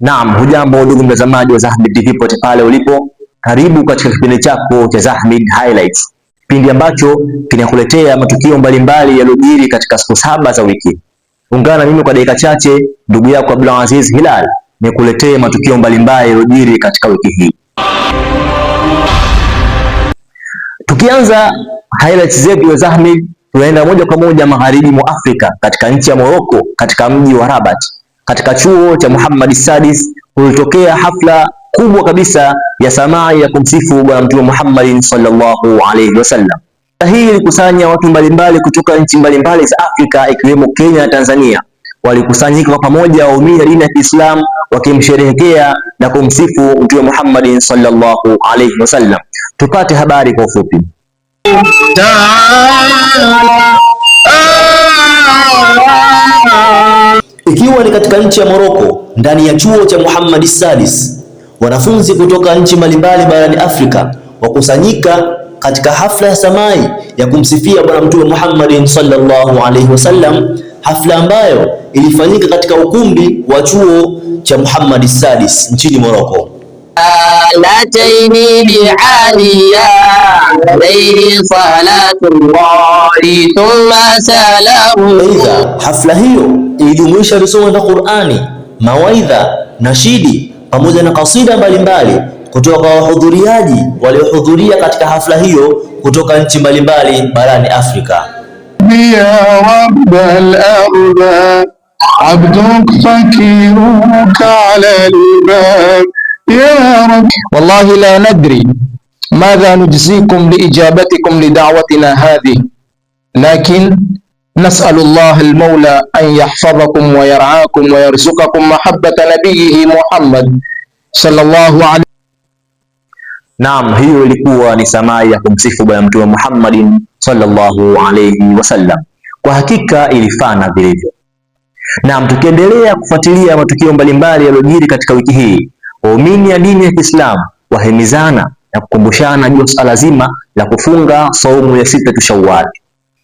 Naam, hujambo ndugu mtazamaji wa Zahmid TV pote pale ulipo, karibu katika kipindi chako cha Zahmid Highlights, kipindi ambacho kinakuletea matukio mbalimbali yaliyojiri katika siku saba za wiki. Ungana mimi kwa dakika chache, ndugu yako Abdulaziz Hilal, nikuletee matukio mbalimbali yaliyojiri katika wiki hii. Tukianza highlights zetu za Zahmid, tunaenda moja kwa moja magharibi mwa Afrika, katika nchi ya Morocco, katika mji wa Rabat katika chuo cha Muhammad Sadis kulitokea hafla kubwa kabisa ya samai ya kumsifu Bwana Mtume Muhammad sallallahu alaihi wasallam. Hii ilikusanya watu mbalimbali kutoka nchi mbalimbali za Afrika ikiwemo Kenya na Tanzania. Walikusanyika kwa pamoja waumini wa dini ya Kiislamu wakimsherehekea na kumsifu Mtume Muhammad sallallahu alaihi wasallam. Tupate habari kwa ufupi ikiwa ni katika nchi ya Moroko ndani ya chuo cha Muhammad Salis, wanafunzi kutoka nchi mbalimbali barani Afrika wakusanyika katika hafla ya samai ya kumsifia Bwana Mtume Muhammadin sallallahu alaihi wasallam, hafla ambayo ilifanyika katika ukumbi wa chuo cha Muhammad Salis nchini Moroko. لاتيني بعاليا عليه صلاة الله ثم سلام. Aidha, hafla hiyo ilijumuisha visomo vya Qur'ani, mawaidha, nashidi pamoja na kasida mbalimbali kutoka kwa wahudhuriaji waliohudhuria katika hafla hiyo kutoka nchi mbalimbali barani Afrika. ya rabbal arda abduk fakiruka ala al-bab يا رب والله لا ندري ماذا نجزيكم لإجابتكم لدعوتنا هذه لكن نسأل الله المولى أن يحفظكم ويرعاكم ويرزقكم محبة نبيه محمد صلى الله عليه Naam, hiyo ilikuwa ni sanaa ya kumsifu Bwana Mtume Muhammadin sallallahu alayhi wasallam. Kwa hakika ilifana vilivyo. Naam, tukiendelea kufuatilia matukio mbalimbali yaliyojiri katika wiki hii Waumini ya dini ya Kiislamu wahimizana na kukumbushana juu swala zima la kufunga saumu ya sita tu Shawwal,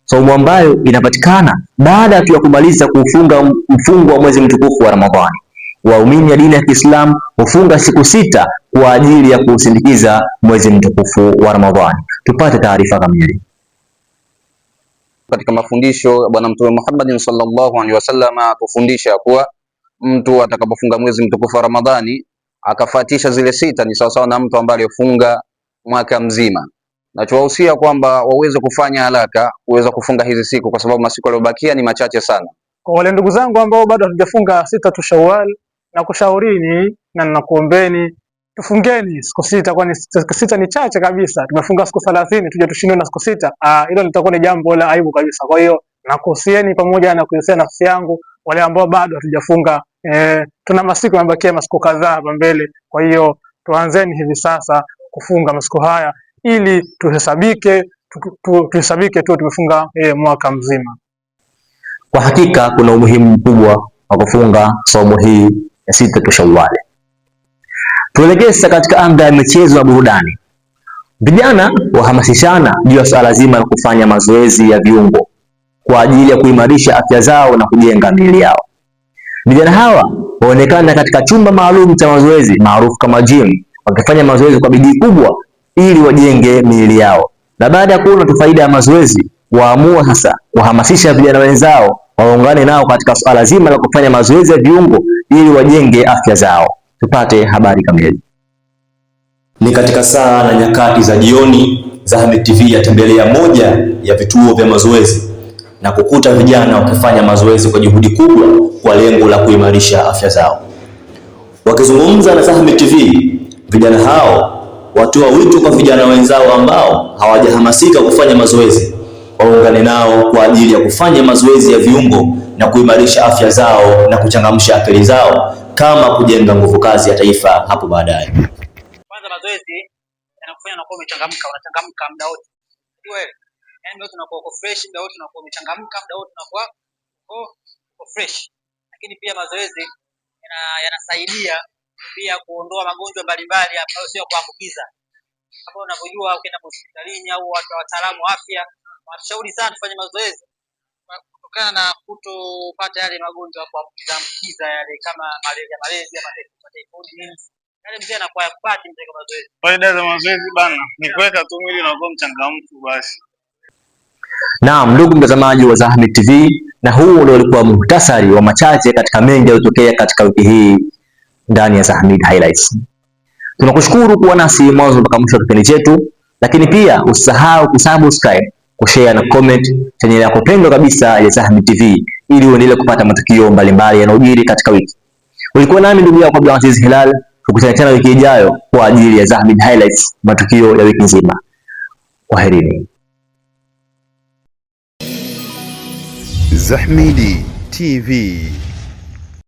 saumu ambayo inapatikana baada tu ya kumaliza kufunga mfungo wa mwezi mtukufu wa Ramadhani. Waumini ya dini ya Kiislamu hufunga siku sita kwa ajili ya kuusindikiza mwezi mtukufu wa Ramadhani. Tupate taarifa kamili. Katika mafundisho ya Bwana Mtume Muhammad sallallahu alaihi wasallam atufundisha kuwa mtu atakapofunga mwezi mtukufu wa Ramadhani akafuatisha zile sita, ni sawasawa na mtu ambaye alifunga mwaka mzima. Nachowahusia kwamba waweze kufanya haraka kuweza kufunga hizi siku, kwa sababu masiku yaliyobakia ni machache sana. Kwa wale ndugu zangu ambao bado hatujafunga sita tu Shawwal, na kushaurini na nakuombeni tufungeni siku sita, kwani sita ni chache kabisa. Tumefunga siku thelathini, tuje tushindwe na siku sita? Ah, hilo litakuwa ni jambo la aibu kabisa. Kwa hiyo nakuhusieni pamoja na kuhusia nafsi yangu wale ambao bado hatujafunga e, tuna masiku yamebakia masiku kadhaa hapa mbele. Kwa hiyo tuanzeni hivi sasa kufunga masiku haya ili tuhesabike tuhesabike tu tumefunga e, mwaka mzima. Kwa hakika kuna umuhimu mkubwa wa kufunga somo hii ya sita kwa Shawwal. Tuelekee sasa katika anga ya michezo na burudani. Vijana wahamasishana juu ya swala zima la kufanya mazoezi ya viungo kwa ajili ya kuimarisha afya zao na kujenga miili yao. Vijana hawa huonekana katika chumba maalum cha mazoezi maarufu kama gym, wakifanya mazoezi kwa bidii kubwa ili wajenge miili yao, na baada ya kuona tu faida ya mazoezi waamua sasa kuhamasisha vijana wenzao waungane nao katika suala zima la kufanya mazoezi ya viungo ili wajenge afya zao. Tupate habari kamili. Ni katika saa na nyakati za jioni za TV, yatembelea moja ya vituo vya mazoezi na kukuta vijana wakifanya mazoezi kwa juhudi kubwa kwa lengo la kuimarisha afya zao. Wakizungumza na Sahmi TV, vijana hao watoa wito kwa vijana wenzao ambao hawajahamasika kufanya mazoezi waungane nao kwa ajili ya kufanya mazoezi ya viungo na kuimarisha afya zao na kuchangamsha akili zao kama kujenga nguvu kazi ya taifa hapo baadaye. Kwanza mazoezi yanakufanya unakuwa umechangamka, unachangamka muda wote yani ndio tunakuwa uko fresh, ndio tunakuwa umechangamka, ndio tunakuwa uko fresh. Lakini pia mazoezi yanasaidia pia kuondoa magonjwa mbalimbali ambayo sio kuambukiza. Kama unavyojua ukienda hospitalini au wataalamu wa afya wanashauri sana tufanye mazoezi kutokana na kutopata yale magonjwa ya kuambukiza ambukiza yale kama malaria, malaria ama Yale mzee anakuwa yapati mzee kwa mazoezi. Faida za mazoezi bana, ni kuweka tu mwili unakuwa mchangamfu basi. Naam, ndugu mtazamaji wa Zahmid TV, na huu ndio ulikuwa muhtasari wa machache katika mengi yaliyotokea katika wiki hii ndani ya Zahmid Highlights. Tunakushukuru kuwa nasi mwanzo mpaka mwisho wa kipindi chetu, lakini pia usisahau kusubscribe, kushare na comment chaneli yako pendwa kabisa ya Zahmid TV ili uendelee kupata matukio mbalimbali yanayojiri katika wiki. Ulikuwa nami ndugu yako Abdul Aziz Hilal, tukutane tena wiki ijayo kwa ajili ya Zahmid Highlights, matukio ya wiki nzima. Kwaherini. Zahmidi TV.